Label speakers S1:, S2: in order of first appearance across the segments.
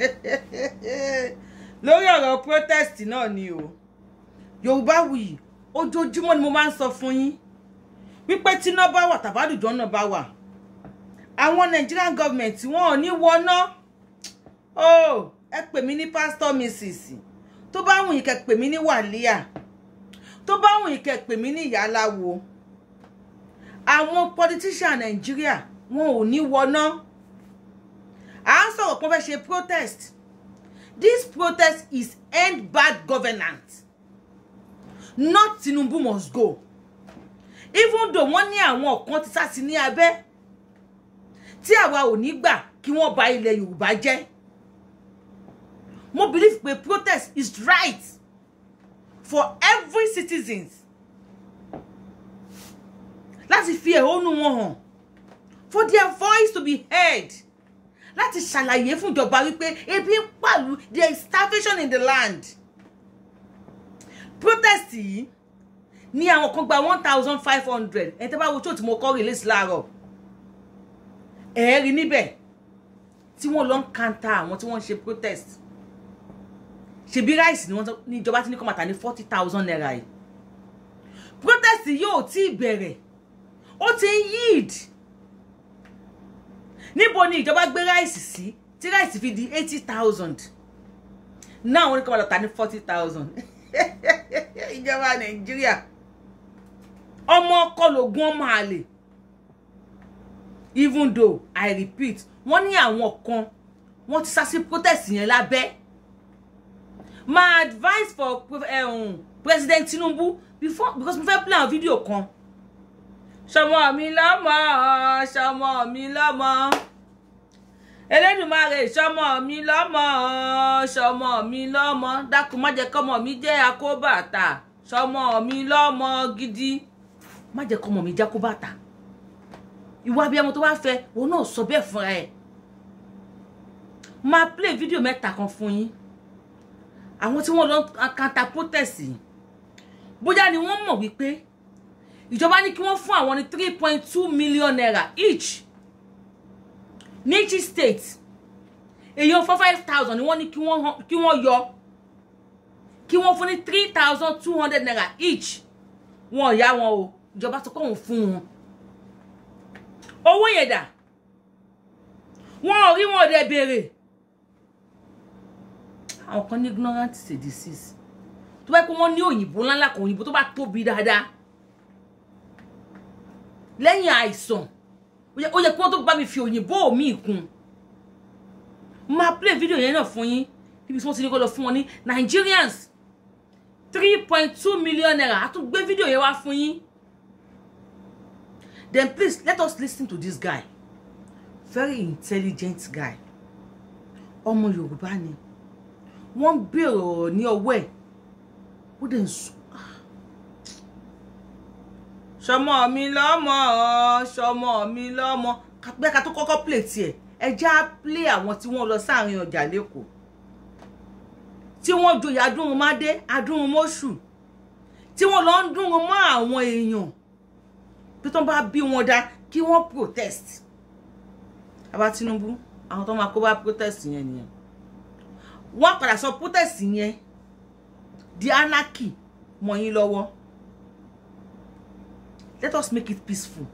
S1: lórí ọ̀rọ̀ protest náà ni o Yorùbáwùyí ojoojúmọ́ ni mo máa ń sọ fún yín wípé tíná bá wà tàbádùjọ́ náà bá wà àwọn Nigerian government wọn ò ní wọná o ẹ pè mí ní pastor mrs tó bá wùn yín kẹ́ pè mí ní wàlíà tó bá wùn yín kẹ́ pè mí ní ìyáláwo àwọn politician Nigeria. wọn ò ní wọná. No? à ń sọ̀rọ̀ pé wọ́n fẹ́ ṣe protest this protest is end bad governance not Tinubu must go even though wọ́n ní àwọn kan ti sá sí ní abẹ́ tí àwa ò ní gbà kí wọ́n bà ilẹ̀ Yorùbá jẹ́ mo believe pé protest is right for every citizens láti fi ẹ̀hónú wọn hàn for their voice to be heard láti ṣàlàyé fúnjọba wípé ebi ń pàlù there is starvation in the land protest yìí ní àwọn kan gba one thousand five hundred ẹ̀ tẹ́ bá wo tó tí mo kọ́ release láàárọ̀ ẹ̀ rí níbẹ̀ tí wọ́n lọ ń kanta àwọn tí wọ́n ń ṣe protest ṣebí ráìsì ni wọ́n ní ìjọba tí ní kọ́mọ̀tà ní forty thousand naira yìí protest yóò tí ì bẹ̀rẹ̀ ó ti ń yield níbo ni ìjọba gbé ráìsì sí tí ráìsì fi di eighty thousand náà wọ́n ní kọ́ máa lọ tà ní forty thousand ìjọba nàìjíríà ọmọ ọkọ lògùn ọmọ àlè even though i repeat wọ́n ní àwọn kan wọ́n ti sá sí protest yẹn lábẹ́ my advice for eh, um, president tinubu before because mo fẹ́ play video fídíò kan ṣọmọ mi lọ́mọ ṣọmọ mi lọ́mọ elédùnmarè ṣọmọ mi lọ́mọ ṣọmọ mi lọ́mọ dákun má jẹ́ kọ́mọ mi jẹ́ akóbàtà ṣọmọ mi lọ́mọ gidi má jẹ́ kọ́mọ mi jẹ́ akóbàtà ìwà abiyamọ tó bá fẹ́ òun náà sọ bẹ́ẹ̀ fúnra ẹ̀ máa play fídíò mẹ́ta kan fún yín àwọn tí wọ́n lọ kanta protest bóyá ni wọ́n mọ̀ wípé ìjọba ní kí wọ́n fún àwọn ní three point two million naira each ní each state èèyàn four five thousand ni wọ́n ní kí wọ́n yọ kí wọ́n fún ní three thousand two hundred naira each wọn ò yá wọn o ìjọba sọ pé òun fún wọn owó yẹn dà wọn ò rí wọn ò dẹ̀ béèrè àwọn kan ní ignorant is a disease tó bá yẹ kó wọn ní òyìnbó ńláńlá kan òyìnbó tó bá tóbi dáadáa lẹ́yìn àìsàn ó yẹ kí wọ́n tó bá mi fi òyìnbó mi kún máa play video yẹn náà fún yín níbi tí wọ́n ti ní kó lọ fún wọn ní Nigerians three point two million naira a tún gbé video yẹn wá fún yín then please let us listen to this guy very intelligent guy ọmọ Yorùbá ni wọ́n ń béèrè ọ̀rọ̀ ní ọwọ́ ẹ̀ ó dẹ̀ ń sọ sọmọ mi lọ́mọ sọmọ mi lọ́mọ pẹ́ ká tó kọ́kọ́ play tiẹ̀ ẹ já play àwọn tí wọ́n lọ sáàrin ọjà lẹ́kọ̀ọ́ tí wọ́n joyè adúrun mádé adúrun mọ́ṣù tí wọ́n lọ ń dúnrun mọ́ àwọn èèyàn bí tó bá bí wọn dá kí wọ́n protest bàbá Tinubu àwọn tó máa kó bá protest yẹn nìyẹn wọ́n padà sọ protest yẹn di anarchy mọ́ lọ́wọ́ let us make it peaceful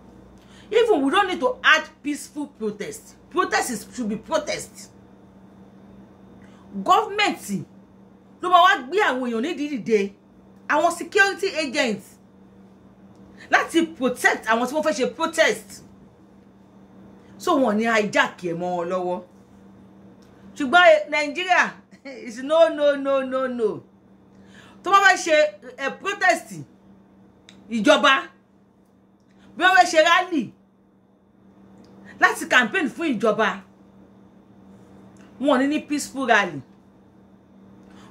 S1: even we don't need to add peaceful protest protest is, should be protest government ló máa wá gbé àwọn èèyàn nídìí dìde àwọn security agents láti protect àwọn tí wọ́n fẹ́ ṣe protest so wọn ní hijack ẹ̀ mọ́ wọn lọ́wọ́ ṣùgbọ́n nàìjíríà is no no no no no To bá fẹ́ ṣe eh, protest ìjọba bí wọ́n ṣe rálì láti campaign fún ìjọba wọn ò ní ní peaceful rally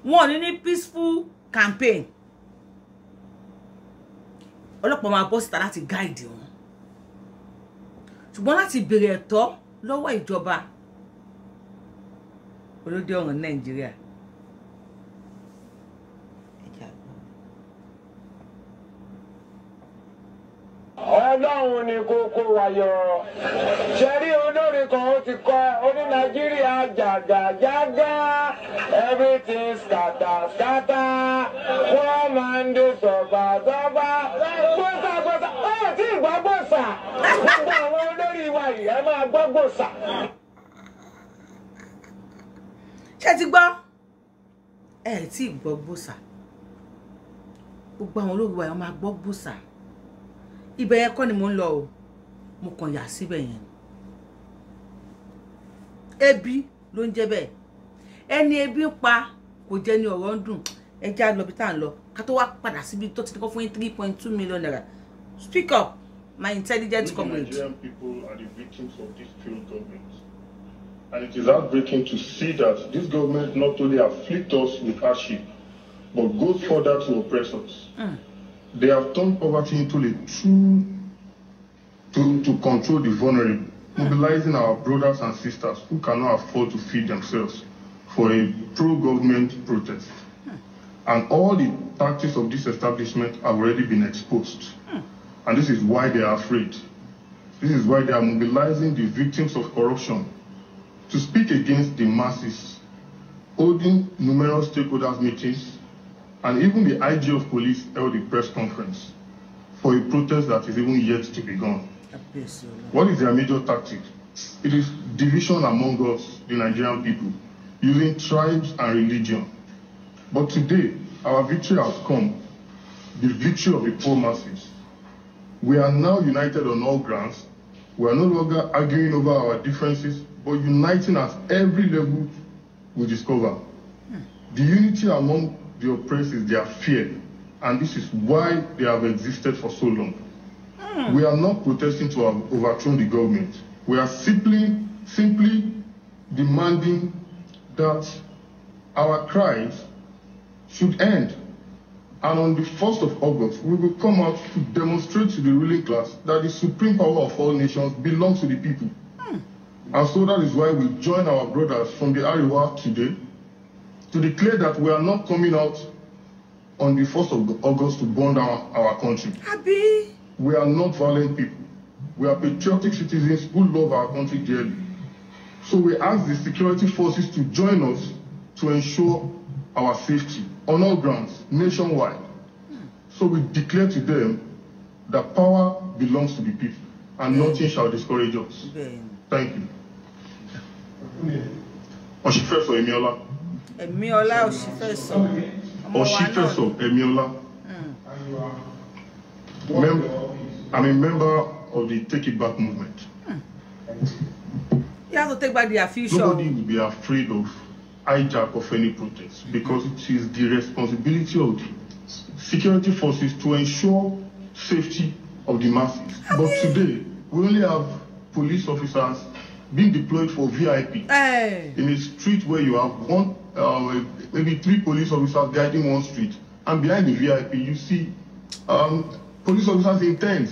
S1: wọn ò ní ní peaceful campaign ọlọ́pàá máa bọ́ síta láti gáìdì wọn ṣùgbọ́n láti béèrè ẹ̀tọ́ lọ́wọ́ ìjọba olóde ọ̀ràn Nàìjíríà
S2: ọlọ́run ni kókó wayọ. ṣẹ́rí olórin kan ó ti kọ́ ó ní nàìjíríà jàgàjàgà everything scatter scatter one man dey sọ̀bà sọ̀bà gbọ́sà gbọ́sà ó ti gbọ́ gbọ́sà gbogbo àwọn olórí wa yìí ẹ máa gbọ́ gbọ́sà.
S1: ṣé ti gbọ́ ẹ tí ì gbọ́ gbòòsà gbogbo àwọn olóògbé wa máa gbọ́ gbòòsà ibẹ̀ yẹn kọ́ ni mo ń lọ o mo kàn yà síbẹ̀ yẹn ebi ló ń jẹ́ bẹ́ẹ̀ ẹni ebi ń pa kò jẹ́ ni ọ̀rọ̀ ń dùn ẹja lọ bí tá à ń lọ ká tó wá padà síbi tó ti kọ́ fún yín three point two million naira speak up my intelligent comrade. Nigerian
S3: people are the victims of this failed government. And it is heartbreaking to see that this government not only afflict us with hardship, but goes further to oppress us. Mm. they have turned poverty into a tool to, to control the vulnerable, mobilizing our brothers and sisters who cannot afford to feed themselves for a pro-government protest. And all the tactics of this establishment have already been exposed. And this is why they are afraid. This is why they are mobilizing the victims of corruption to speak against the masses, holding numerous stakeholders meetings and even the IG of police held a press conference for a protest that is even yet to be gone. What is their major tactic? It is division among us, the Nigerian people, using tribes and religion. But today, our victory has come, the victory of the poor masses. We are now united on all grounds. We are no longer arguing over our differences, but uniting at every level we discover. The unity among The oppress is their fear. And this is why they have existed for so long. Mm. We are not protesting to overthrow the government. We are simply, simply demanding that our cries should end. And on the 1st of August, we will come out to demonstrate to the ruling class that the supreme power of all nations belongs to the people. Mm. And so that is why we join our brothers from the Ariwa today to declare that we are not coming out on the 1st of August to burn down our country. Abi. We are not violent people. We are patriotic citizens who love our country dearly. So we ask the security forces to join us to ensure our safety on all grounds, nationwide. So we declare to them that power belongs to the people and Amen. nothing shall discourage us. Amen. Thank you. Ọ̀ṣìfẹ́ sọ èmi Ẹ̀míọlá
S1: Òṣìfẹ̀sọ.
S3: Òṣìfẹ̀sọ Ẹ̀míọlá. I'm a member of the Take It Back movement. Hmm. You have to take
S1: back the official. Nobody
S3: will be afraid of hijack of any protest because it is the responsibility of the security forces to ensure safety of the masses. I but today, we only have police officers being deployed for VIP hey. in a street where you have one um, maybe three police officers guiding one street, and behind the VIP you see um, police officers in intent.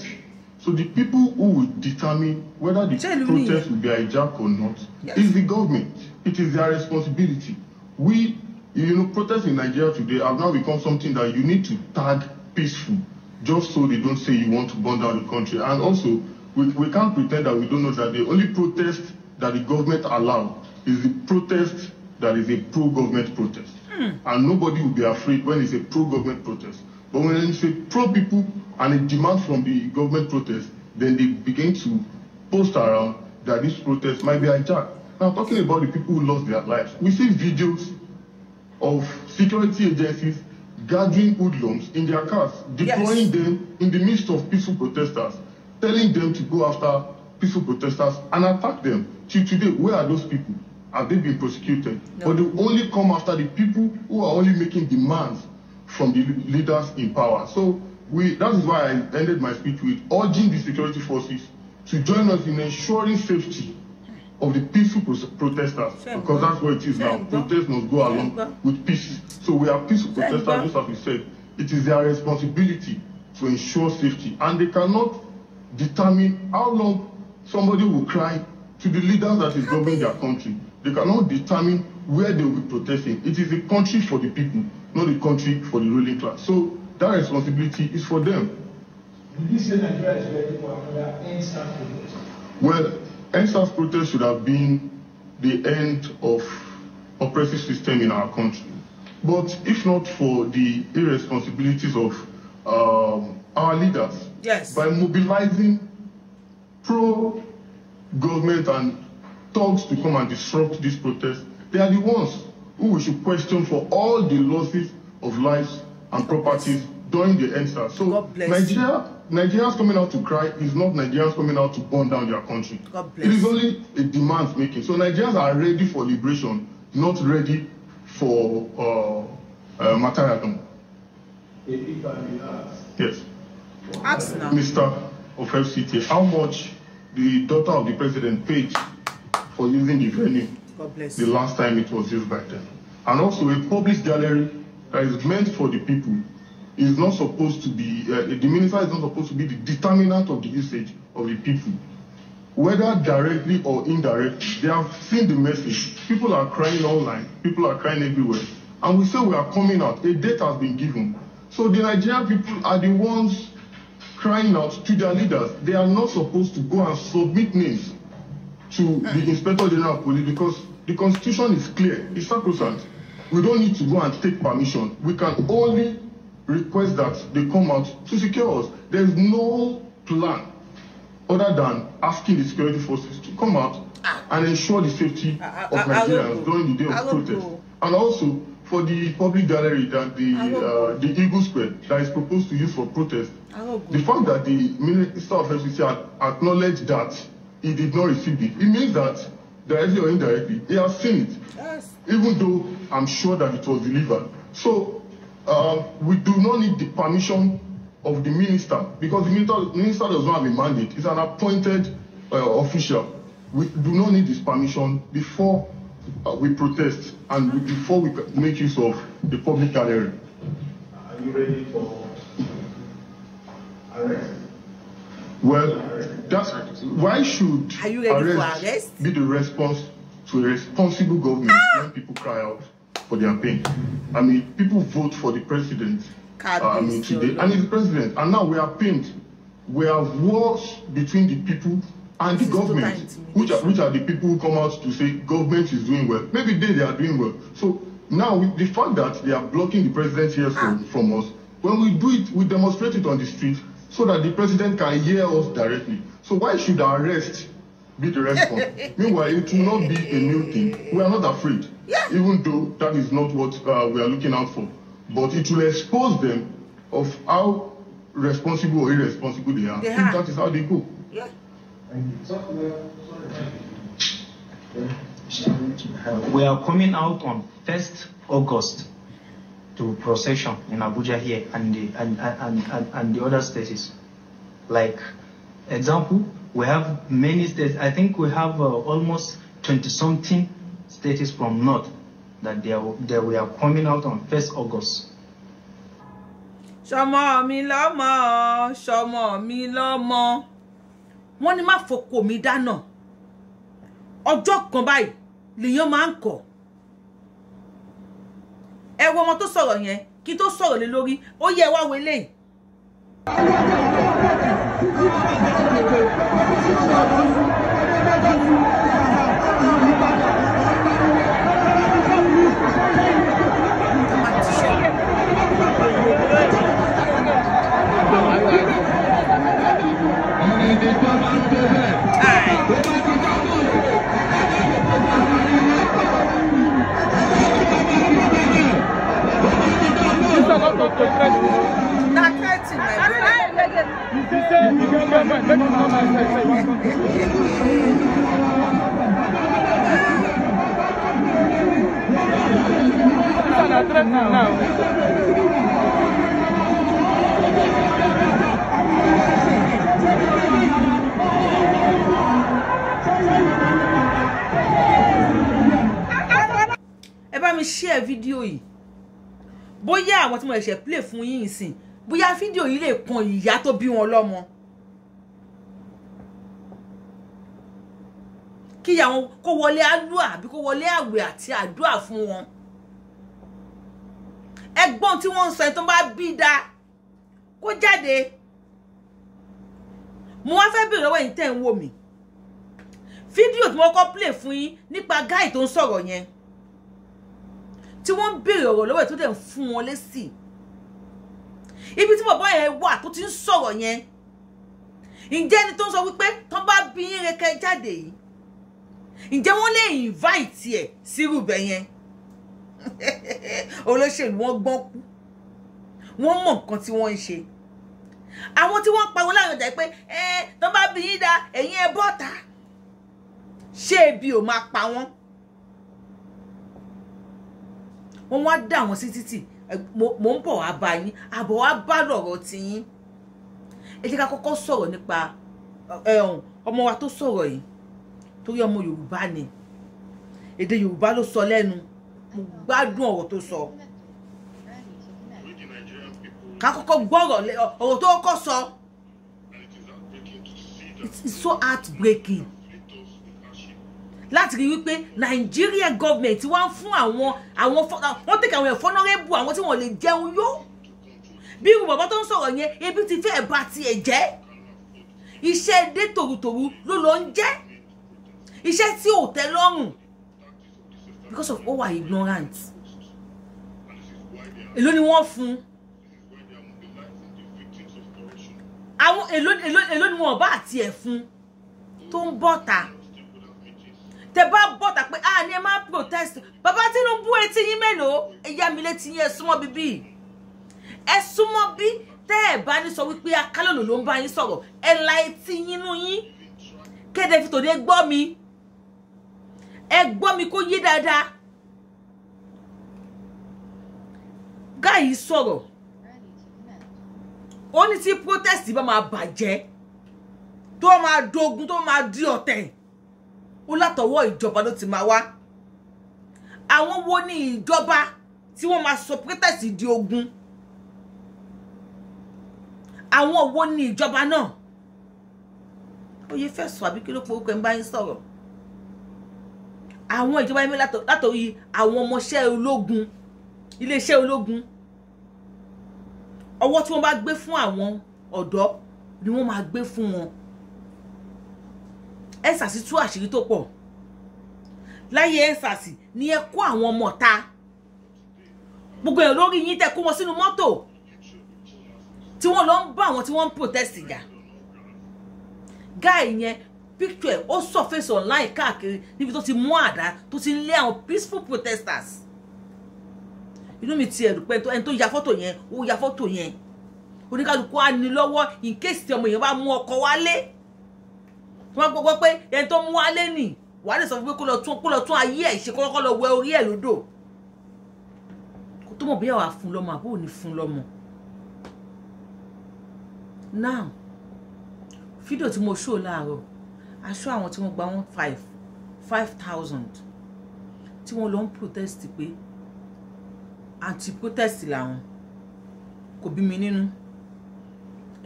S3: So the people who will determine whether the Tell protest me. will be hijacked or not yes. is the government. It is their responsibility. We, you know, protests in Nigeria today have now become something that you need to tag peaceful, just so they don't say you want to burn down the country. And also, we, we can't pretend that we don't know that the only protest that the government allow is the protest that is a pro-government protest. Mm. And nobody will be afraid when it's a pro-government protest. But when it's a pro-people and a demand from the government protest, then they begin to post around that this protest might be hijacked. Now, talking about the people who lost their lives, we see videos of security agencies gathering hoodlums in their cars, deploying yes. them in the midst of peaceful protesters, telling them to go after peaceful protesters and attack them. Till today, where are those people? have they been prosecuted? No. But they only come after the people who are only making demands from the leaders in power. So we, that is why I ended my speech with urging the security forces to join us in ensuring safety of the peaceful pro protesters Femba. because that's what it is Femba. now. Protests must go along Femba. with peace. So we are peaceful protesters, just as we said. It is their responsibility to ensure safety and they cannot determine how long somebody will cry to the leaders that is governing their country. They cannot determine where they will be protesting. It is a country for the people, not a country for the ruling class. So that responsibility is for them. Did you say Nigeria is ready for another protest? Well, NSAS protest should have been the end of oppressive system in our country. But if not for the irresponsibilities of um, our leaders, yes. by mobilizing pro-government and thugs to come and disrupt this protest, they are the ones who we should question for all the losses of lives and properties during the endsars. So Nigeria, Nigerians coming out to cry is not Nigerians coming out to burn down their country. It is only a demand making. So Nigerians are ready for liberation, not ready for uh, uh, materialism. Yes. Ask now. Mr. of FCT, how much the daughter of the president paid for using the venue the last time it was used by them. And also a public gallery that is meant for the people is not supposed to be, uh, the minister is not supposed to be the determinant of the usage of the people. Whether directly or indirectly, they have seen the message. People are crying online, people are crying everywhere. And we say we are coming out. A date has been given. So the Nigerian people are the ones crying out to their leaders. They are not supposed to go and submit names to the mm. Inspector General of Police because the Constitution is clear, it's sacrosanct. We don't need to go and take permission. We can only request that they come out to secure us. There's no plan other than asking the security forces to come out ah. and ensure the safety of Nigerians during the day of protest. And also for the public gallery that the uh, the Eagle Square that is proposed to use for protest. The fact that the Minister of FCC acknowledged that he did not receive it. It means that directly or indirectly, he has seen it. Yes. Even though I'm sure that it was delivered. So uh, we do not need the permission of the minister because the minister, minister does not have a mandate. He's an appointed uh, official. We do not need his permission before uh, we protest and we, before we make use of the public gallery. Are you ready for arrest? Well, that's why should Are you arrest, be the response to a responsible government ah! when people cry out for their pain? I mean, people vote for the president. uh, I mean, today, and he's president, and now we are pinned. We have wars between the people and this the government, which are, which are the people who come out to say government is doing well. Maybe they, they are doing well. So now the fact that they are blocking the president here ah. from, from us, when we do it, we demonstrate it on the street so that the president can hear us directly. So why should arrest be the response? Meanwhile, it will not be a new thing. We are not afraid, yeah. even though that is not what uh, we are looking out for. But it will expose them of how responsible or irresponsible they are. They yeah. that is how they go. Yeah. We are coming out on 1st August to procession in Abuja here and the, and, and, and, and the other states. Like, example, we have many states. I think we have uh, almost 20 something states from north that they, are, they are coming out on 1st August. Shama
S1: mi lọ́mọ ṣọmọ mi lọ́mọ wọ́n ní má fọkọ mi dáná ọjọ́ kan báyìí lèèyàn máa ń ẹ wo ọmọ tó sọ̀rọ̀ yẹn kí tó sọ̀rọ̀ lé lórí ó yẹ wá wo eléyìí.
S3: Ai. na thirty my brother.
S1: ẹ bá mi share video yìí bóyá àwọn tí mo ṣẹ̀ṣẹ̀ play fún yín ìsìn bóyá fídíò yìí lè kan ìyá tó bí wọn lọ́mọ. kí àwọn kó wọlé àdúrà àbí kó wọlé àwẹ̀ àti àdúrà fún wọn. ẹ̀gbọ́n tí wọ́n ń sọ ẹ̀ tó bá bí da kó jáde mo wá fẹ́ bèrè lọ́wọ́ yìí tẹ̀ ń wò mí fídíò tí mo kọ́ play fún yín nípa gáì tó ń sọ̀rọ̀ yẹn tí wọ́n ń béèrè ọ̀rọ̀ lọ́wọ́ ẹ̀ tó dẹ̀ ń fún wọn lésì ibi tí bàbá yẹn wà tó ti ń sọ̀rọ̀ yẹn ǹjẹ́ ẹni tó ń sọ wípé tó bá bí yín rẹkẹ jáde yìí ǹjẹ́ wọ́n lè invite ẹ̀ sírù bẹ̀ yẹn olóṣèlú wọn gbọ́n kú wọ́n mọ̀ nǹkan tí wọ́n ń ṣe àwọn tí wọ́n pariwo láàrin ọjà pé ẹ tó bá bí yín da ẹ̀yin ẹ bọ́ta ṣé ebi ò máa pa wọ́n wọ́n wá dà wọ́n sí títì mò ń bọ̀ wá bá yín àbọ̀ wá bá lọ̀rọ̀ tiyín ẹ jẹ́ ká kọ́kọ́ sọ̀rọ̀ nípa ọmọ wa tó sọ̀rọ̀ yìí torí ọmọ Yorùbá ni èdè Yorùbá ló sọ lẹ́nu mo gbádùn ọ̀rọ̀ tó sọ ká kọ́kọ́ gbọ́rọ̀ ọ̀rọ̀ tó kọ́kọ́ sọ it's so heartbreaking láti rí wípé Nigeria government wá ń fún àwọn àwọn wọ́n tẹ̀kẹ́ àwọn ẹ̀fọ́nọ́rẹ́bù àwọn tí wọ́n lè jẹun yó bí irú bàbá tó ń sọ̀rọ̀ yẹn ebi ti fẹ́ bá tiẹ̀ jẹ́ iṣẹ́ dé tòrutòru ló lọ ń jẹ́ iṣẹ́ tí ò tẹ́ lọ́rùn because of over ignorant èló ni wọ́n fún àwọn èló ni wọ́n bá àti ẹ̀ fún tó ń bọ̀ta tẹ bá bọ̀ tà pé ah ni ẹ máa protest bàbá Tinubu etí yín mélòó ẹ̀yà mi létí yín ẹ súnmọ́ bíbí ẹ súnmọ́ bí tẹ́ ẹ bá ní sọ wípé akálòlò ló ń bá yín sọ̀rọ̀ ẹ la etí yín yin. yín kéde fi tòde gbọ́ mi ẹ gbọ́ mi kó yé dáadáa gáyì sọ̀rọ̀ ó ní protest bá ma bàjẹ́ tó ma dogun tó ma di ọ̀tẹ̀ ó látọwọ́ ìjọba ló ti máa wá àwọn wo ni ìjọba tí wọ́n máa sọ pétẹ́sì di ogun àwọn wo ni ìjọba náà oyè fẹ̀sùn àbí kí ló fowó pẹ̀ ń bá yín sọ̀rọ̀ àwọn ìjọba yín látọ̀rí àwọn ọmọọṣẹ́ ológun iléeṣẹ́ ológun ọwọ́ tí wọ́n bá gbé fún àwọn ọ̀dọ́ ni wọ́n máa gbé fún wọn ensasi tú àṣírí tó pọ̀ láyé ensasi ni ẹ kó àwọn ọmọ ta gbogbo èèyàn lórí yín tẹ kó wọn sínú mọ́tò tí wọ́n lọ ń bá àwọn tí wọ́n ń protest ìjà guy yẹn picture ó surface online káàkiri níbi tó ti mú àdá tó ti ń lé àwọn peaceful protesters inú mi ti ẹ̀rù pé ẹni tó ya fọ́tò yẹn ó ya fọ́tò yẹn oníkálukú á ní lọ́wọ́ in case tí ọmọ yẹn bá mú ọkọ̀ wálé tó máa gbọ́ pé ẹni tó mú wálé nì wàá lè sọ fún pé kó lọ tún kó lọ tún ayé ẹ̀ ṣe kọ́kọ́ lọ wẹ orí ẹ̀ lódò kó tó mọ̀ bí àwa fún lọ́mọ àbúrò ní fún lọ́mọ. now fídíò tí mo ṣó láàárọ̀ aṣọ àwọn tí wọ́n gba one five five thousand tí wọ́n lọ ń protest pé anti protest làwọn kò bí mi nínú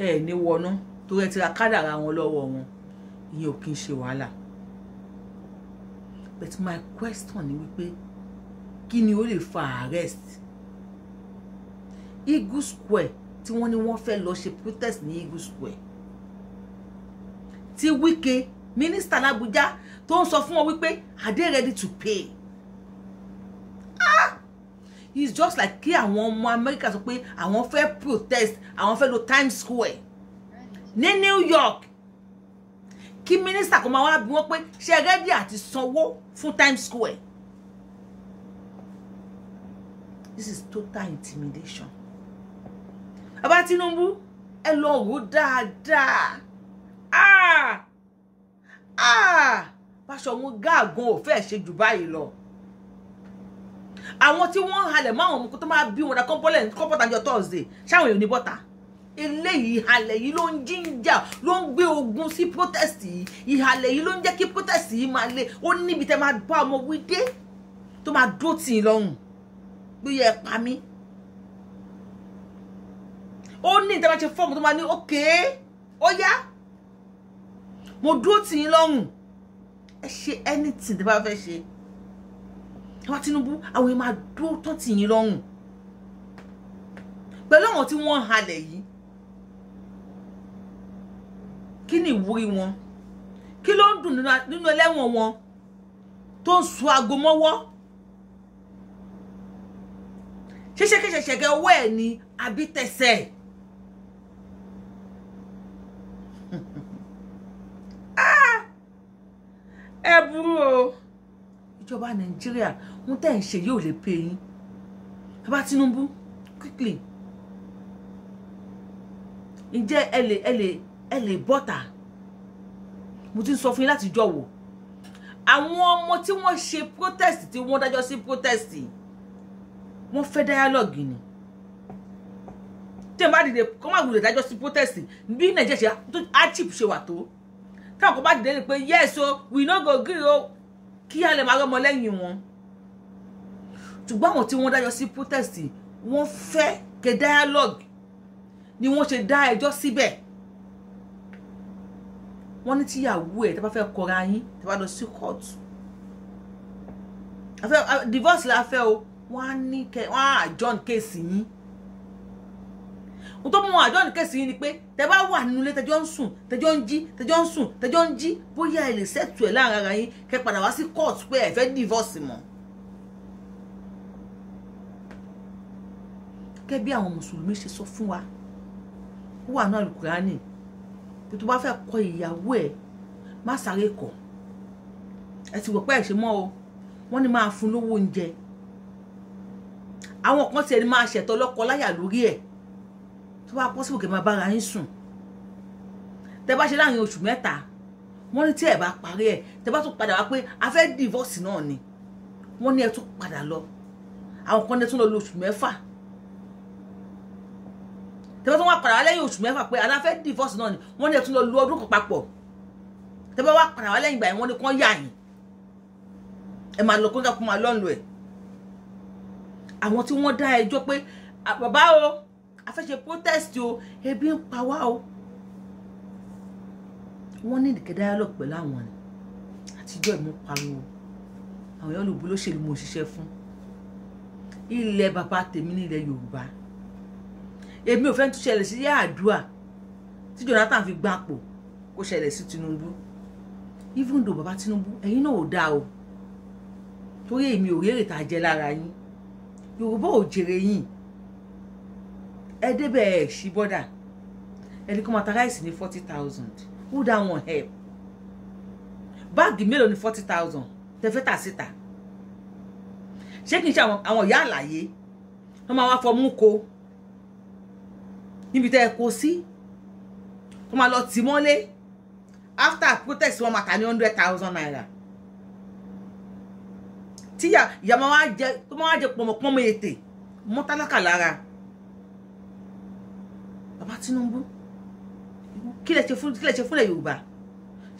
S1: ẹ̀ ní wọnú torí ẹ ti ra kádàrá wọn lọ́wọ́ wọn ìyẹn ò kí ń ṣe wàhálà but my question ni wípé kí ni ó lè fa arrest Eagle Square tí wọ́n ní wọ́n fẹ́ lọ ṣe protest ní Eagle Square tí Wike mínísítà làbújá tó ń sọ fún wọn wípé are they ready to pay ah it's just like kí àwọn ọmọ Amẹ́ríkà sọ pé àwọn fẹ́ protest àwọn fẹ́ lọ Times Square ní New York kí mínísítà kó máa wá bí wọ́n pé ṣe rẹ́dí àti sanwó fún Times Square this is total intimidation bàbá Tinubu ẹ lọ rò dáadáa ah ah báṣọ wọn gáàgùn ò fẹ́ ṣe jù báyìí lọ àwọn tí wọ́n halẹ̀ máwọn ọmọkùn tó máa bí wọn dá kọ́ńpọ́lẹ̀ kọ́ńpọ́tà ní ọjọ́ Thursday ṣáwọn èèyàn ní bọ́ta eléyìí ìhàlẹ̀ yìí ló ń jíjà ló ń gbé ogun sí protest yìí ìhàlẹ̀ yìí ló ń jẹ́ kí protest yìí máa le ó níbi tẹ́ máa bá ọmọ wí dé tó máa dó tì í lọ́rùn bí yẹ pa mí ó ní ìtẹ́ máa ṣe fọ́ọ̀mù tó máa ní ókè ó yá mo dúró tì í lọ́rùn ẹ ṣe anything tẹ́ bá fẹ́ ṣe àwọn Tinubu àwọn èèyàn máa dúró tán tì í lọ́rùn pẹ̀lú àwọn tí wọ́n halẹ̀ yìí kí ni ìwúrí wọn kí ló ń dùn nínú ẹlẹ́wọ̀n wọn tó ń so aago mọ́wọ́ ṣẹṣẹkẹṣẹṣẹkẹ ọwọ́ ẹ̀ ni àbí tẹsẹ̀ ẹ̀. Ah! ẹ burú o ìjọba nàìjíríà ń tẹ̀ ń ṣe yóò lè pè yín bàbá Tinubu quickly ǹjẹ́ ẹ lè ẹ lè ẹ lè bọ́ta mo ti ń sọ fún yín láti jọ̀wọ́ àwọn ọmọ tí wọ́n ṣe protest tí wọ́n dájọ́ sí protest wọ́n fẹ́ dialogue ni tẹ́ bá dìde kọ́ máa gbọdọ̀ dájọ́ sí protest bí nàìjíríà ṣe hardship ṣe wà tó táwọn kan bá dìde ni pé yes o we no go gree o kí á lè máa rọ́mọ lẹ́yìn wọn ṣùgbọ́n àwọn tí wọ́n dájọ́ sí protest wọ́n fẹ́ kẹ́ dialogue ni wọ́n ṣe dá ẹjọ́ síbẹ̀. Si wọ́n ní tíyàwó ẹ̀ tẹ́ bá fẹ́ kọra yín tẹ́ bá lọ sí kóòtù divorce la fẹ́ o wọ́n á ní kẹ wọ́n á adjourn kéèsì yín ohun tó mú adjourn kéèsì yín ni pé tẹ́ bá wà nínú ilé tẹ́jọ́ ń sùn tẹ́jọ́ ń jí tẹ́jọ́ ń sùn tẹ́jọ́ ń jí bóyá ẹ lè ṣètò ẹ̀ láàrin ara yín kẹ́ padà wá sí kóòtù pé ẹ fẹ́ divorce mọ́. gẹ́gẹ́ bí àwọn mùsùlùmí ṣe sọ fún wa ó wà náà lùkùránì bí tó bá fẹ́ kọ ìyàwó ẹ̀ má sáré kọ̀ ẹ ti wọ̀ pé ẹ̀ ṣe mọ́ o wọ́n ní máa fún lówó oúnjẹ àwọn kan tiẹ̀ ní máa ṣẹ̀tọ́ lọ́kọ láyà lórí ẹ̀ tó bá pọ́sibò kẹ́ máa bára yín sùn tẹ bá ṣe láàrin oṣù mẹ́ta wọ́n ní tí ẹ̀ bá parí ẹ̀ tẹ bá tún padà wá pé a fẹ́ divorce náà ni wọ́n ní ẹ tún padà lọ àwọn kan ní ẹ tún lọ lo oṣù mẹ́fà tẹ́bá tó wá padà wá lẹ́yìn oṣù mẹ́fà pé aláfẹ́ divorce náà ni wọ́n ní ẹ̀ tún lọ lu ọdún kan papọ̀ tẹ́bá wá padà wá lẹ́yìn ìgbà yẹn wọ́n ní kán yà yín ẹ máa lọ kóńtà kó máa lọ́nu ẹ̀ àwọn tí wọ́n dá ẹjọ́ pé bàbá o a fẹ́ ṣe protest o ebi ń pa wá o wọ́n ní ìdíkẹ́ dialogue pẹ̀lú àwọn ni àtijọ́ ìmú pariwo àwọn yẹn olùbú lóṣèlú mo ṣiṣẹ́ fún ilẹ̀ bàbá tèmi ní ilẹ̀ Yorùbá èmi ò fẹ́ tún ṣẹlẹ̀ sí Yar'Adua tí Jonathan fi gbapò kó ṣẹlẹ̀ sí Tinubu even though baba Tinubu ẹ̀yin náà ò dáa o torí èmi ò rérè tá a jẹ lára yín Yorùbá ò jèrè yín ẹ débẹ̀ ẹ̀ sí bọ́dà ẹni kó máa ta ráìsì ní forty thousand who that one help báàgì mélòó ní forty thousand tẹfẹ́ tà síta ṣé kì í ṣe àwọn ìyá àlàyé wọ́n máa wá fọmú ko níbi tẹ́ ẹ kó sí kó máa lọ tì mọ́lé after protest wọn máa tà ní hundred thousand naira tíyà ìyá máa wá jẹ tó máa wá jẹ pọmọpọmọ ètè mọ́ tálákà lára bàbá Tinubu kí lẹ ṣe fún kí lẹ ṣe fúnlẹ̀ Yorùbá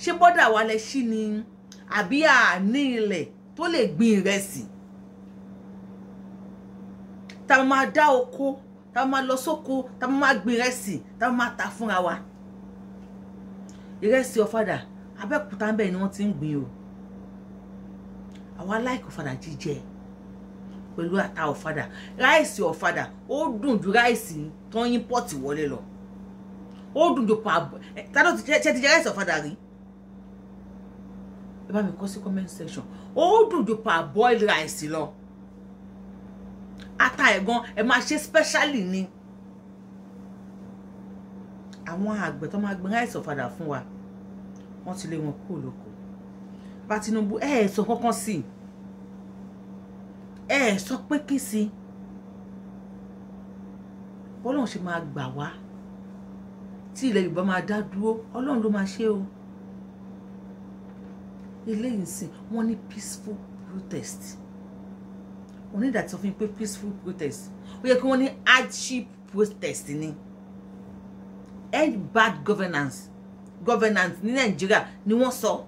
S1: ṣé bọ́dà wa lẹ ṣí ni àbí àní ilẹ̀ tó lè gbin ìrẹsì tá a máa dá oko tá a máa lọ sóko tá a máa gbin ìrẹsì tá a máa ta fúnra wa ìrẹsì ọ̀fadà abẹ́òkúta ń bẹ̀ ni wọ́n ti ń gbìn o àwa láìkí ọ̀fadà jíjẹ pẹ̀lú ata ọ̀fadà ráìsì ọ̀fadà ó dùn ju ráìsì tó ń import wọlé lọ ó dùn ju pàbọ tádọ́ ti jẹ́ ti jẹ́ ráìsì ọ̀fadà rí ẹ bá mi kọ́ sí comment section ó dùn ju parboiled ráìsì lọ ata ẹ̀gan ẹ máa ṣe specially ni àwọn àgbẹ̀ tó máa gbin rice ọ̀fadà fún wa wọ́n ti lé wọn kúrò lóko bá Tinubu ẹ ẹ sọ kankan sí ẹ ẹ sọ pé kí sí bọ́lọ́run ṣe máa gbà wá tí ilẹ̀ Yorùbá máa dá dúró Ọlọ́run ló máa ṣe o eléyìí sìn wọ́n ní peaceful protest onídàá ti sọ fún mi pé peaceful protest ó yẹ kí wọ́n ní hardship protest ni end bad governance governance ní nàìjíríà ni wọ́n sọ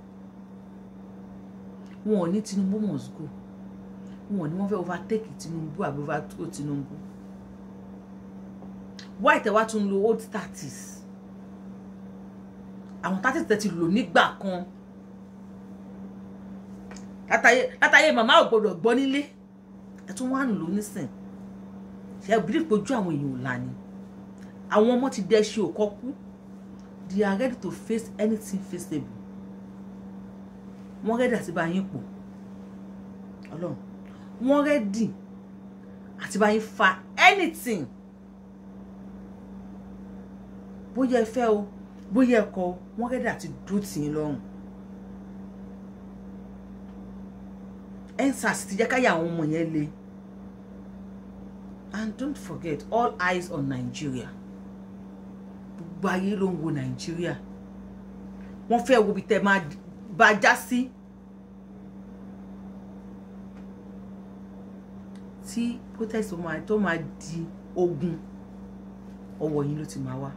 S1: wọn ò ní tinubu must go wọn ò ní wọ́n fẹ́ overtake tinubu àbí overthrow tinubu why tẹ wá tún lo old thirties àwọn thirties tẹ ti lò nígbà kan látàyè màmá ò gbọdọ̀ gbọ́ nílé ẹ tún wá lò nísìn ṣe bírí pojú àwọn èèyàn ò là ni àwọn ọmọ ti dẹ ṣe òkọ kú they are ready to face anything feasible. wọ́n rẹ́dì àti bá yín pọ̀ ọlọ́run wọ́n rẹ́dì àti bá yín fa anything bóyá ẹ fẹ́ o bóyá ẹ kọ̀ o wọ́n rẹ́dì àti dúró tì yín lọ́rùn ẹ̀ ń sàṣìtì jẹ́ káyà àwọn ọmọ yẹn le and don't forget all eyes on Nigeria gbogbo ayé ló ń wo Nigeria wọ́n fẹ́ wo bí tẹ́ máa bá já sí tí protest tó máa di ogun ọwọ́ yín ló ti máa wá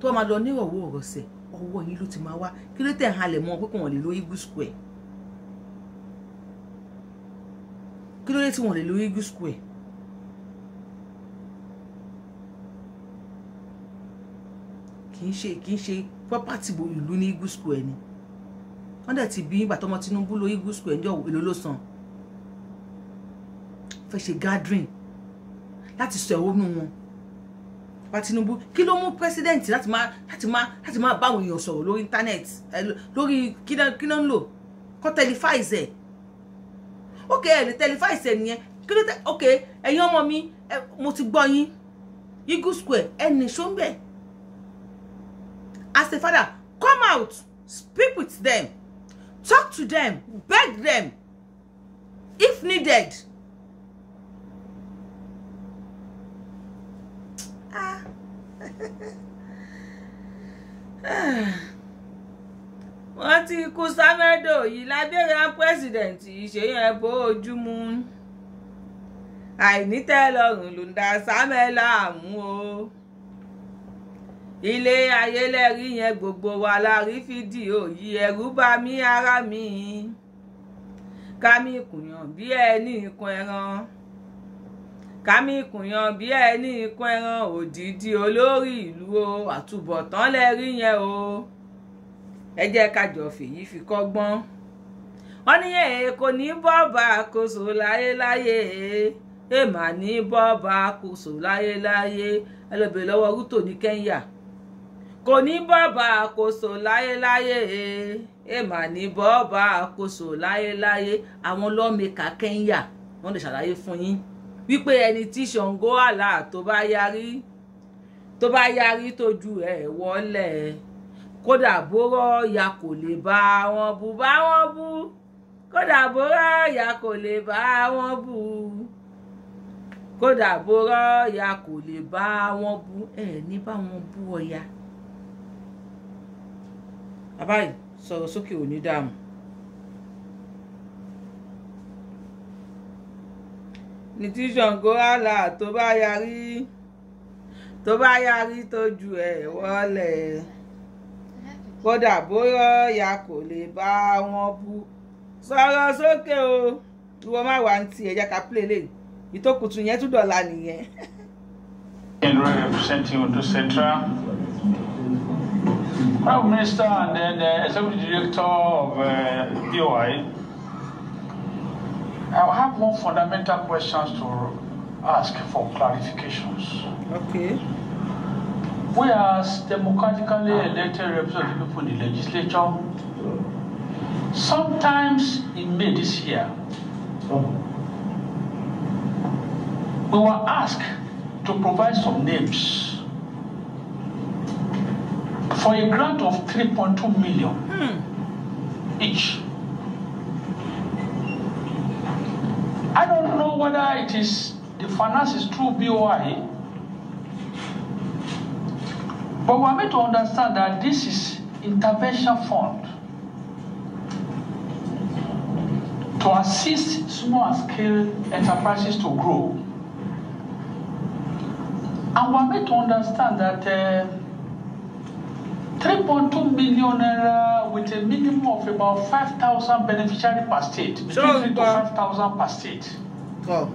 S1: tó máa lọ ní ìrọ̀wọ́ ọ̀rọ̀sẹ̀ ọwọ́ yín ló ti máa wá kí ló tẹ̀ ń halẹ̀ mọ́ pé kò wọ́n lè lo eagle square kí ló dé tí wọ́n lè lo eagle square kì í ṣe kì í ṣe property ìlú ní eagle square ni wọ́n dẹ̀ ti bí ìgbà tọmọ Tinubu lo eagle square ńjọ́ èlò ló san fẹ́ ṣe gathering láti sọ ẹ̀hónú wọn bá Tinubu kí ló mú president láti máa láti máa láti máa báwọn èèyàn sọ̀rọ̀ lórí internet lórí kí ló ń lò kọ́ telefise ẹ̀ ok ẹ̀ lè telefise ẹ̀ nìyẹn kí ló tẹ ok ẹ̀yin ọmọ mi mo ti gbọ́ yín eagle square ẹ̀ nìṣó ń bẹ̀ as a father come out speak with them talk to them beg them if needed ah wọ́n ti kú sámẹ́dò yìí lábẹ́rẹ́ president ìṣèyàn ẹ̀bọ́ ojúmu àìnítẹ́lọ́rùn ló ń da sámẹ́ láàmú o ilé ayé lẹ́rí yẹn gbogbo wa la rí fídíò yìí ẹ̀rù bà mí ara mi kámi kùyàn bí ẹni ikun ẹran kámi kùyàn bí ẹni ikun ẹran òdìdí olórí ìlú o àtúbọ̀tán lẹ́rí yẹn o ẹ jẹ́ ká jọ fèyí fi kọ́gbọ́n wọ́n ní èkó ní bọ́ọ̀bà àkóso láyéláyé èèmà ní bọ́ọ̀bà àkóso láyéláyé ẹ lọ́wọ́ rútò ní Kẹ́ńyà kò ní bọ́ọ̀bà àkóso láyéláyé èèmà ní bọ́ọ̀bà àkóso láyéláyé àwọn lọ́mẹ̀ka Kẹ́ńyà wọ́n lè ṣàlàyé fún yín wípé ẹni tí Ṣàngó Àlà tó bá yarí tó bá yarí tójú ẹ̀ wọlé kódà bóró ya kò lè bá wọn bú bá wọn bú kódà bóró ya kò lè bá wọn bú kódà bóró ya kò lè bá wọn bú ẹ ní bá wọn bú ọya. Eh, bàbá yìí sọ̀rọ̀ sókè ò ní dààmú. ní tí tó bá yarí tó bá yarí tó ju ẹ̀ wọlé kódà bóyá ya kò lè bá wọn bú sọ̀rọ̀ sókè o ìwọ má wà ní tiẹ̀ yá ká lè ìtòkùtù yẹn tún dọ̀la nìyẹn.
S2: and representing Ondo Central. Prime Minister and then the uh, Executive Director of uh, DOI, I have more fundamental questions to ask for clarifications. Okay. We as democratically elected representatives of the people in the legislature, sometimes in May this year, we were asked to provide some names for a grant of 3.2 million hmm. each. I don't know whether it is the finance is through BOI, but we're made to understand that this is intervention fund to assist small scale enterprises to grow. And we're made to understand that uh, 3.2 million naira with a minimum of about 5,000 beneficiary per state. Between 3 to uh, 5,000 per state. Oh,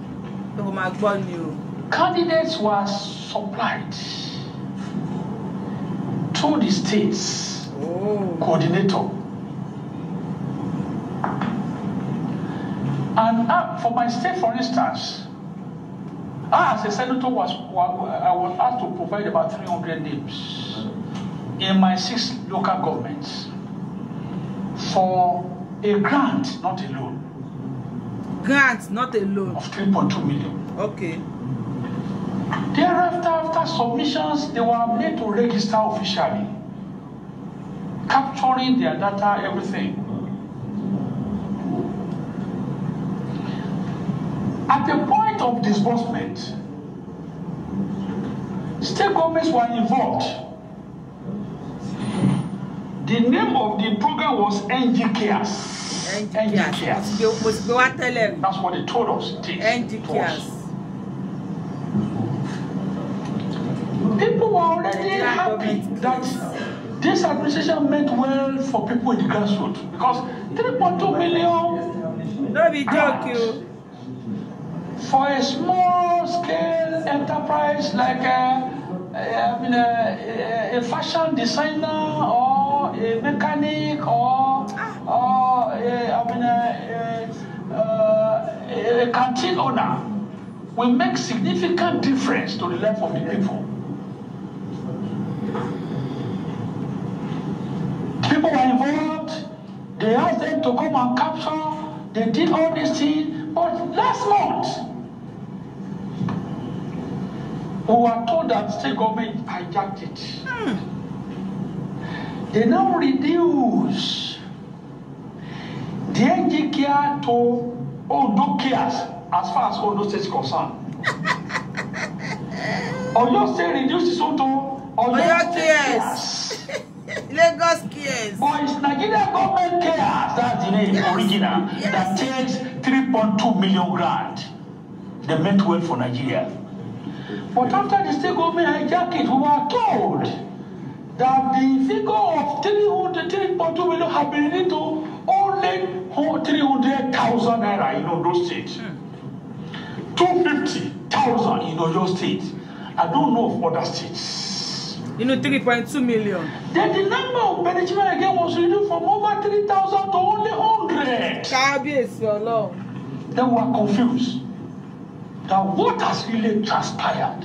S2: my God, you. Candidates were supplied to the state's oh. coordinator. And uh, for my state, for instance, I, as a senator, was, was, I was asked to provide about 300 names. in my six local governments for a grant, not a loan. Grant, not a loan. Of 3.2 million. Okay. Thereafter, after submissions, they were made to register officially, capturing their data, everything. At the point of disbursement, state governments were involved The name of the program was NG Cares. NG, That's what they told us. NGCS. People were already happy that this administration meant well for people in the grassroots because 3.2 million. No, we joke you. For a small scale enterprise like a, uh, uh, I mean a, uh, a fashion designer or a mechanic or, or a, eh, I mean, a, eh, a, eh, a canteen owner will make significant difference to the life of the people. People were involved, they asked them to come and capture, they did all these things, but last month, we were told that state government hijacked it. Mm. they now reduce their care to Ondo cares as far as Ondo State is concerned. Oyo State reduces it to Oyo cares. Lagos cares. But it's Nigeria government cares, that's the name yes. original, yes. that takes 3.2 million grand, They meant well for Nigeria. But after the state government hijacked it, we were told that the figure of three three hundred point two million have been into only three 300,000 naira in Ondo State. Hmm. two fifty thousand in Oyo State. I don't know of other states. You know, three point two million. Then the number of beneficiaries again was reduced from over thousand to only hundred. Kábíyèsí Ọlọ́run. Then They were confused that what has really transpired.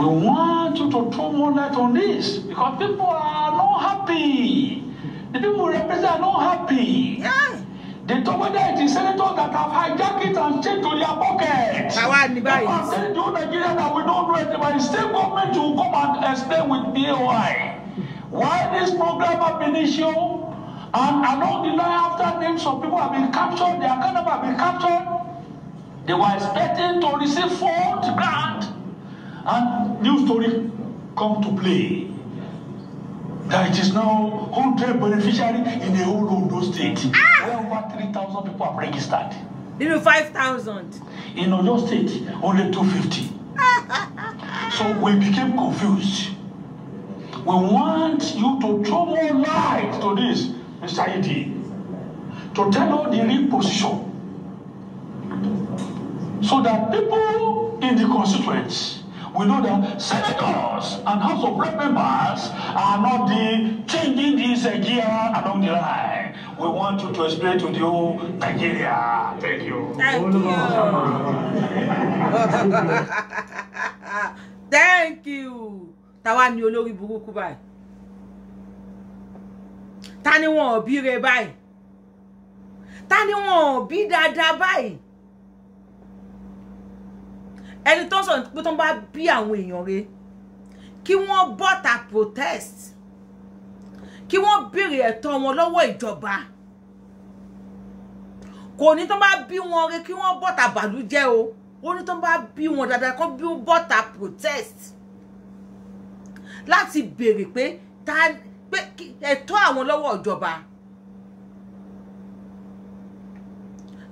S2: We want you to throw more light on this because people are not happy. The people we represent are not happy. The top of that, it is senators that have hijacked it and take to their pocket. Àwa ni báyìí. I'm telling you Nigeria that we don't know anything but the same government will come and explain with POI why this program have been issued and along the line after names of people have been captured, their cannabis have been captured. They were expecting to receive 40 grand and new story come to play that it is now hundred beneficiary in the whole Ondo state ah! where over three thousand people have registered. Even five thousand. in Ondo state only two fifty. so we became confused we want you to throw more light to this Mr. Edi to tell all the real position so that people in the constituents. We know that senators and House of Rep members are not the changing this gear along the line. We want you to explain to you Nigeria. Thank you. Thank
S1: you. Thank you. Tawa ni olórí burúkú báyìí. Ta ni wọn ò bí re báyìí? Ta ni wọn ò bí dáadáa ẹni tó ń sọ pé tó ń bá bí àwọn èèyàn rẹ̀ kí wọ́n bọ́ta protest kí wọ́n béèrè ẹ̀tọ́ wọn lọ́wọ́ ìjọba kò ní tó ń bá bí wọn rẹ̀ kí wọ́n bọ́ta bàlújẹ́ o ó ní tó ń bá bí wọn dáadáa kó bí bọ́ta protest láti béèrè pé ta pé ẹ̀tọ́ àwọn lọ́wọ́ ìjọba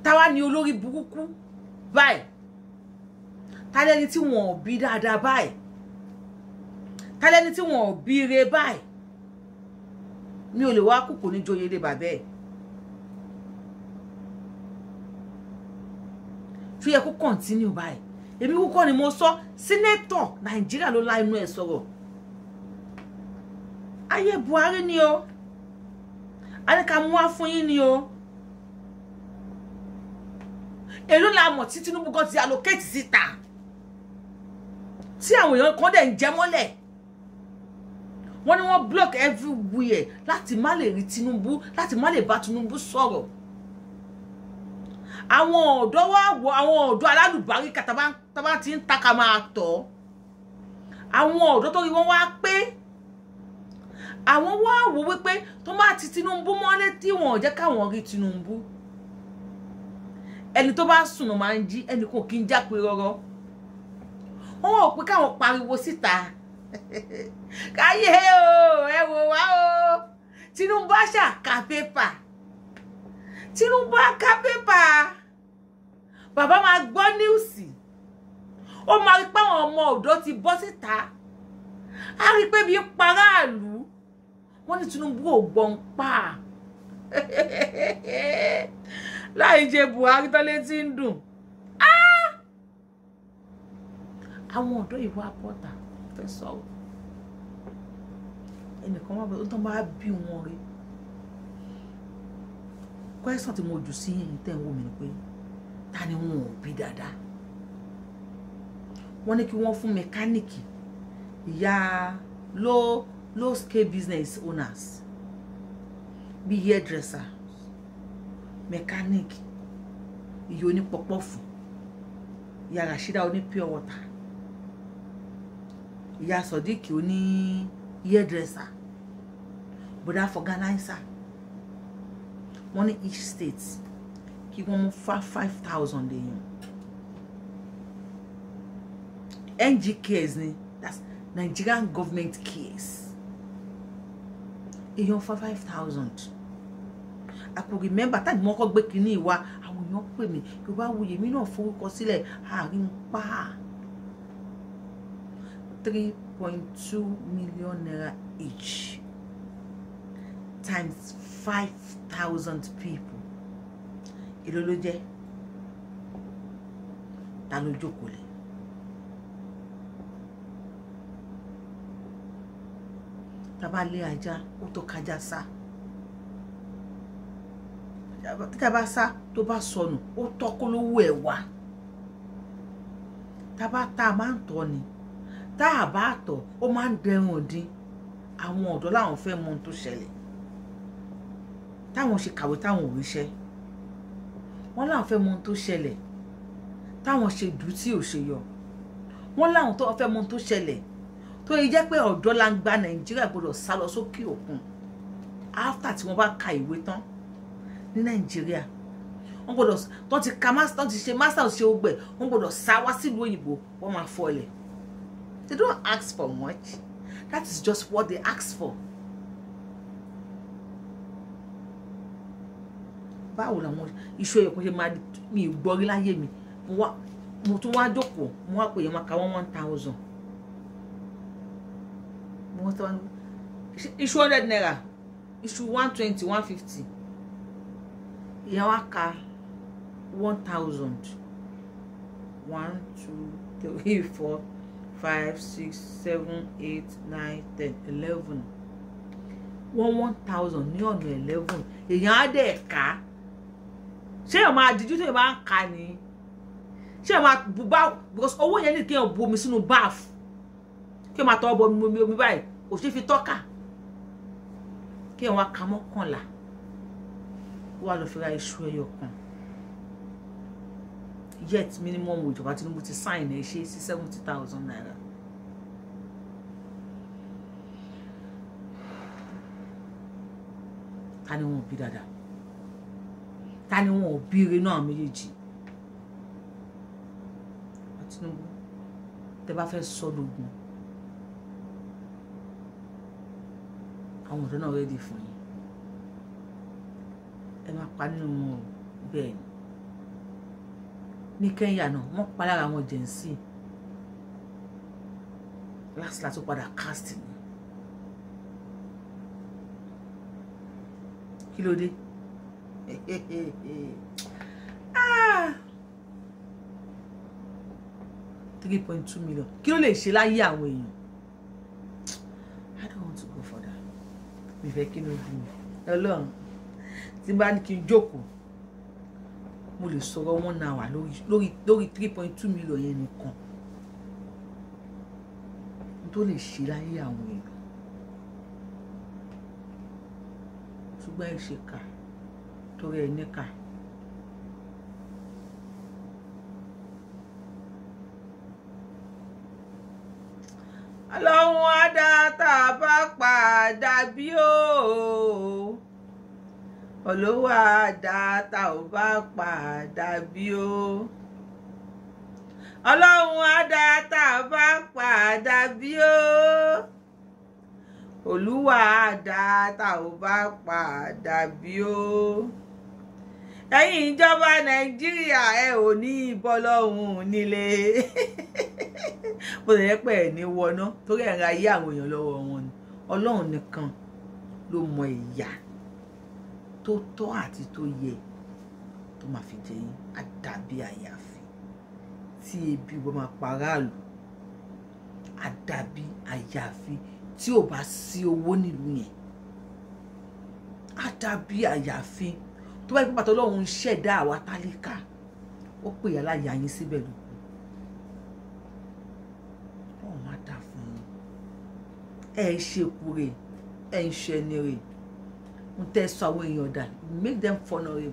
S1: táwa ni olórí burúkú báyìí tálẹ́ni tí wọn ò bí dáadáa báyìí tálẹ́ni tí wọn ò bí re báyìí mi ò lè wá kúkú ní joyè lè bàbẹ́ ẹ̀ fi yẹ kó kọ́ntínú báyìí èmi kúkọ́ ni mo sọ sínétọ̀ nàìjíríà ló la inú ẹ̀ sọ̀rọ̀ ayé buhari ni o adéka mú fún yín ni o èló la mọ̀ tí tinubu gan ti allocate síta. Si tí àwọn èèyàn kan dẹ̀ ń jẹ mọ́lẹ̀ wọ́n ní wọ́n block everywhere láti má lè rí Tinubu láti má lè bá Tinubu sọ̀rọ̀ àwọn ọ̀dọ́ wa wọ àwọn ọ̀dọ́ alálùbárí kàtàbá tàbá ti ń taka máa tọ̀ àwọn ọ̀dọ́ tó rí wọ́n wá pé àwọn wá wò wípé tó máa ti Tinubu mọ́lẹ̀ tí wọ́n jẹ́ káwọn rí Tinubu ẹni tó bá sùn máa ń jí ẹni kò kí ń jápé rọ́rọ́ wọ́n wọ̀ pé káwọn pariwo síta káyé o ẹ wò wá o Tinubu àṣà ka pépà Tinubu aka pépà bàbá máa gbọ́ níwùsì ó máa rí pé àwọn ọmọ ọ̀dọ́ ti bọ́ síta á rí pé bí paráàlú wọ́n ní Tinubu ò gbọ́n pa láì jẹ Buhari tọ́lé tí ń dùn. àwọn ọ̀dọ́ ìwà bọ́ta fẹ́ sọ̀rọ̀ ẹnìkan wà bẹ́ẹ̀ ó tán bá bí wọn rí kwẹ́sàn tí mo jù sí ẹ̀yìn tẹ̀ ń wò mí ni pé ta ni wọn ò bí dáadáa wọ́n ní kí wọ́n fún mẹkáníìkì ìyá low low scale business owners bíi hairdresser mechanic iye onípọpọ fún yàrá ṣídà oní pure water ìyá sodiq oní hairdresser bùdá fọgánáísà wọ́n ní each state kí wọ́n mú five thousand èèyàn NG cares ni that's Nigerian government cares èèyàn fa five thousand I could remember táàgì mọ́kọ́ gbé kínní ìwà àwọn èèyàn pè mí Yorùbá Wuyì mi náà forúkọ sílẹ̀ àárín pa á. 3.2 million naira each times 5,000 people èló ló jẹ́ ta ló jókòó lẹ̀ tàbá lé ajá ó tó kájá sá tàbá sá tó bá sọnù ó tọ́ kó lówó ẹ̀ wá tàbá tá máa ń tọ́ ni tá a bá tọ̀ ó máa ń dẹrùn òdin àwọn ọ̀dọ́ làwọn fẹ́ mọ ohun tó ṣẹlẹ̀ táwọn ṣe kàwé táwọn ò ríṣẹ́ wọ́n láwọn fẹ́ mọ ohun tó ṣẹlẹ̀ táwọn ṣe dù tí ò ṣe yọ wọ́n láwọn tó fẹ́ mọ ohun tó ṣẹlẹ̀ tó yẹ jẹ́ pé ọ̀dọ́ la ń gba nàìjíríà gbọ́dọ̀ sá lọ sókè òkun after tí wọ́n bá ka ìwé tán ní nàìjíríà wọ́n gbọ́dọ̀ tán ti ka master ti ṣe master ṣe ogbẹ̀ wọ́n gbọ́dọ̀ sá wá sílùú òyìnbó wọ́n máa fọ́ ilẹ̀ They don't ask for much. That is just what they ask for. báwo làwọn iṣu ẹyọ kan ṣe máa mi ì gbọ́rí láyé mi mo tún wá jókòó mo wá pè é máa ka wọ́n one thousand mo wọ́n tẹ́wọ́n iṣu hundred naira iṣu one twenty one fifty ìyá wa ka one thousand one two three four five six seven eight nine ten eleven one one thousand ní ọ̀nà eleven èèyàn á dẹ̀ ká ṣé èèyàn máa dijú tí èèyàn máa ń ka ni ṣé èèyàn máa bu báwò because owó yẹn ní kí èèyàn bu omi sínú báàfù kí èèyàn máa tọwọ́ bọ omi omi báyìí kò ṣeé fi tọ́ka kí èèyàn wá ka mọ́kànlá wà lọ́ọ́ fi ra iṣu ẹyọ kan yet minimum wage ọba Tinubu ti sign ẹ ṣe sí seventy thousand naira. ta ni wọn ò bí dáadáa ta ni wọn ò bí ire náà méjèèjì Tinubu tẹ bá fẹ́ sọdọgbọn àwọn ọ̀dọ́ náà rẹdí fún yín ẹ má pa nínú wọn bẹ́ẹ̀ ni ní Kenya náà wọ́n pa lára àwọn jẹ̀ǹsì last la tó padà cast ni kí ló dé ah! three point two million kí ló lè ṣe láyé àwọn èèyàn I don't want to go for that mi fẹ́ kí ló dùn Ọlọ́run tí bá ní kí n jókòó mo lè sọ̀rọ̀ one hour lórí lórí three point two million yẹn nìkan n tó lè ṣe láyé àwọn èèyàn ṣùgbọ́n ẹ ṣe kà torí ẹ ní kà. ọlọ́run tá a bá padà bí ó olówó àdá tá ò bá padà bí o ọlọ́run àdá tá ò bá padà bí o olúwa àdá tá ò bá padà bí o ẹ̀yin ìjọba nàìjíríà ẹ ò ní ìbọn lọ́hùn nílé bó ṣe yẹ pé ẹ̀ ní wọná torí ẹ̀ ń ra ayé àwọn èèyàn lọ́wọ́ wọn ni ọlọ́run nìkan ló mọ ìyà. E tó tọ́ àti tó yẹ tó máa fi jẹ yín àdàbí àyàfi tí ebi bá máa paráàlú àdàbí àyàfi tí ò bá sí owó nílùú yẹn àdàbí àyàfi tó bá yẹ kó pàtó Ọlọ́run ṣẹ̀dá àwa tálíkà ó pè yàrá ìyá yín síbẹ̀ lóko ẹ ṣe kúrè ẹ ń ṣe ẹni rè. Test tẹ́ in your èèyàn make them vulnerable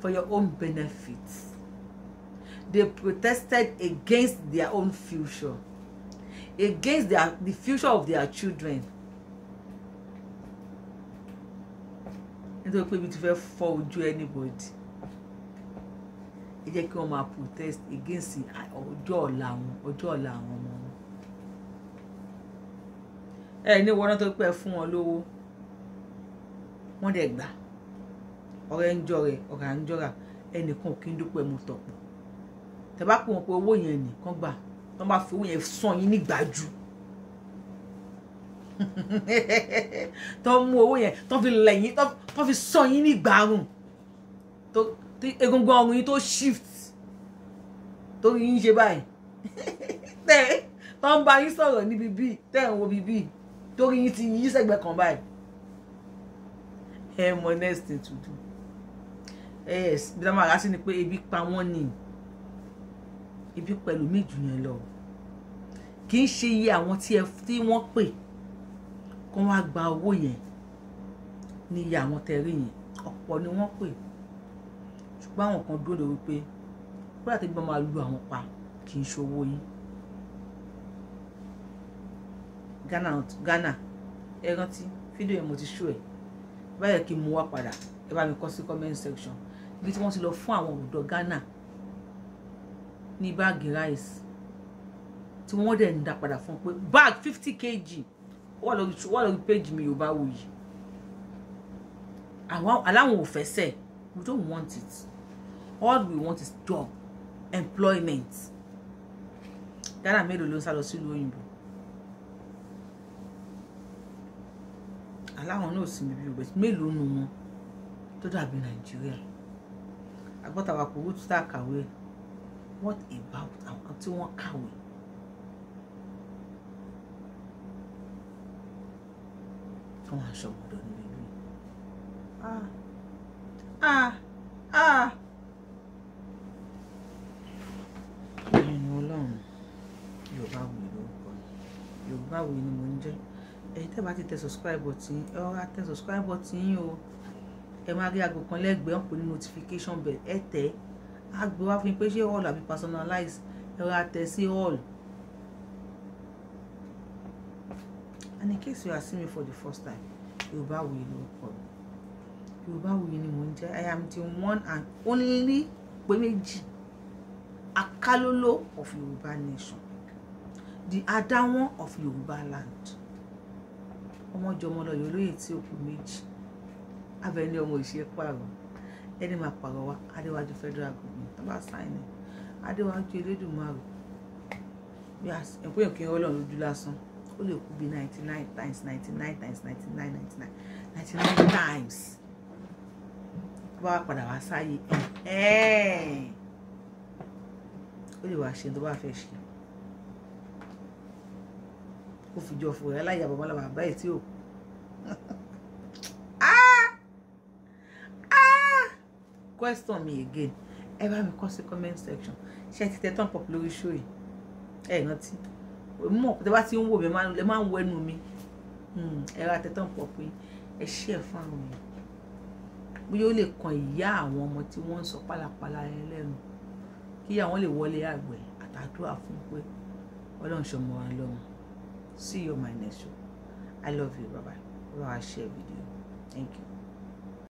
S1: for your own benefit they protested against their own future against their, the future of their children nítorí pé ibi to fẹ́ fọ́ anybody ẹ jẹ́ kí wọ́n máa protest against ọjọ́ ọ̀la wọn ọjọ́ ọ̀la àwọn ọmọ wọn ẹ ní wọ́n náà tó pẹ́ fún wọn lówó wọ́n dẹ̀ gbà ọ̀rẹ́ ń jọ rẹ̀ ọ̀rà ń jọra ẹnìkan ò kí ń dúpọ̀ ẹmu tọ̀pọ̀ tẹ́ bá pè wọ́n pé owó yẹn nìkan gbà wọ́n bá fi owó yẹn sàn yín nígbàjú tó ń mú owó yẹn tó fi lẹ̀yìn tó fi sàn yín nígbàrún tó egungun ọrùn yín tó shift tó rí yín ṣe báyìí tẹ́ tó ń bá yín sọ̀rọ̀ níbi bíi tẹ́ ń wo bíi bíi tó yín ti yí sẹ́gbẹ̀ẹ́ kan báyìí ẹ mọ next thing to do yes bí wọ́n máa rà sí ni pé ebi pa wọ́n ni ebi pẹ̀lú mi jù yẹn lọ kì í ṣe iye àwọn tí wọ́n pè kó wá gba owó yẹn ní iye àwọn tẹ̀rí yẹn ọ̀pọ̀ ni wọ́n pè ṣùgbọ́n àwọn kan dúró wípé kúrò àti gbọ́n máa lu àwọn pa kì í ṣòwò yín Ghana Ghana ẹ rántí fídíò yẹn mo ti ṣó ẹ̀ báyẹ̀ kí n mú wá padà ẹ bá mi kọ sí comment section ibi tí wọ́n ti lọ fún àwọn ọ̀dọ́ Ghana ní báàgì rice tí wọ́n dẹ̀ ń dá padà fún pé bag fifty kg wọ́n lórí page mi yorùbá wò yìí aláwọn ò fẹ́ sẹ̀ we don't want it all we want is job employment Ghana mélòó ló ń sá lọ sílùú òyìnbó láwọn náà sì bíbí ọgbẹ mélòó nu wọn tó dàbí nàìjíríà agbọ́tàwà kò wú títà kàwé what about àwọn tí wọ́n kàwé. fún aṣọ ọ̀dọ́ nínú ìlú yìí. ah ah ah. ìyẹn ni ọlọ́run yorùbá wo lórúkọ yorùbá wo ni mo ń jẹ́ ẹ̀yin tẹ́ bá ti tẹ subscribe button ẹ ọ̀rá tẹ subscribe button yín o ẹ máa rí aago kan lẹ́gbẹ̀ẹ́ ọ̀pọ̀ ní notification bell ẹ tẹ̀ á gbé wá fún pé ṣé all àbí personalize ẹ ọ̀rá tẹ sí all. and in case you are seeing me for the first time Yorùbáwùyí ló ń kọ Yorùbáwùyí ni mò ń jẹ́ I am the one and only pé méjì akálóló of Yorùbá nation the adáwọn of Yorùbá land ọmọ jọmọ lọ yóò lóye tí òkú méjì abẹni ọmọ ìṣe pààrọ̀ ẹni máa pààrọ̀ wa adéwájú federal government tó bá sáìnì adéwájú elédùnmarò bí ẹkú yẹn kí n rọlọ́run lójú lásán ó lè kú bí ninety nine times ninety nine times ninety nine ninety nine times tó bá wà padà wá sáyé ó lè wá ṣe tó bá fẹ́ ṣe kó fi jọ fòyà láyà bàbá làwọn àbá ẹ̀ tí ò ah! Ah! question me again ẹ bá mi kọ́ sí comment section ṣé ẹ ti tẹ tán pọ̀ lórí show yìí ẹ rántí mọ̀ tẹ bá ti ń wò mí ẹ máa ń wọ ẹnu mi hmm, ẹ ra tẹ tán pọ̀ pé ẹ ṣí ẹ fún àwọn èèyàn bóyá ó lè kan ìyá àwọn ọmọ tí wọ́n ń sọ pálapàla ẹlẹ́nu kí àwọn lè wọlé àgbẹ̀ àtàdúrà fún pé ọlọ́run ṣọmọ wa lọ́run See you on my next show. I love you. Bye bye. Bye. I'll share with you. Thank you.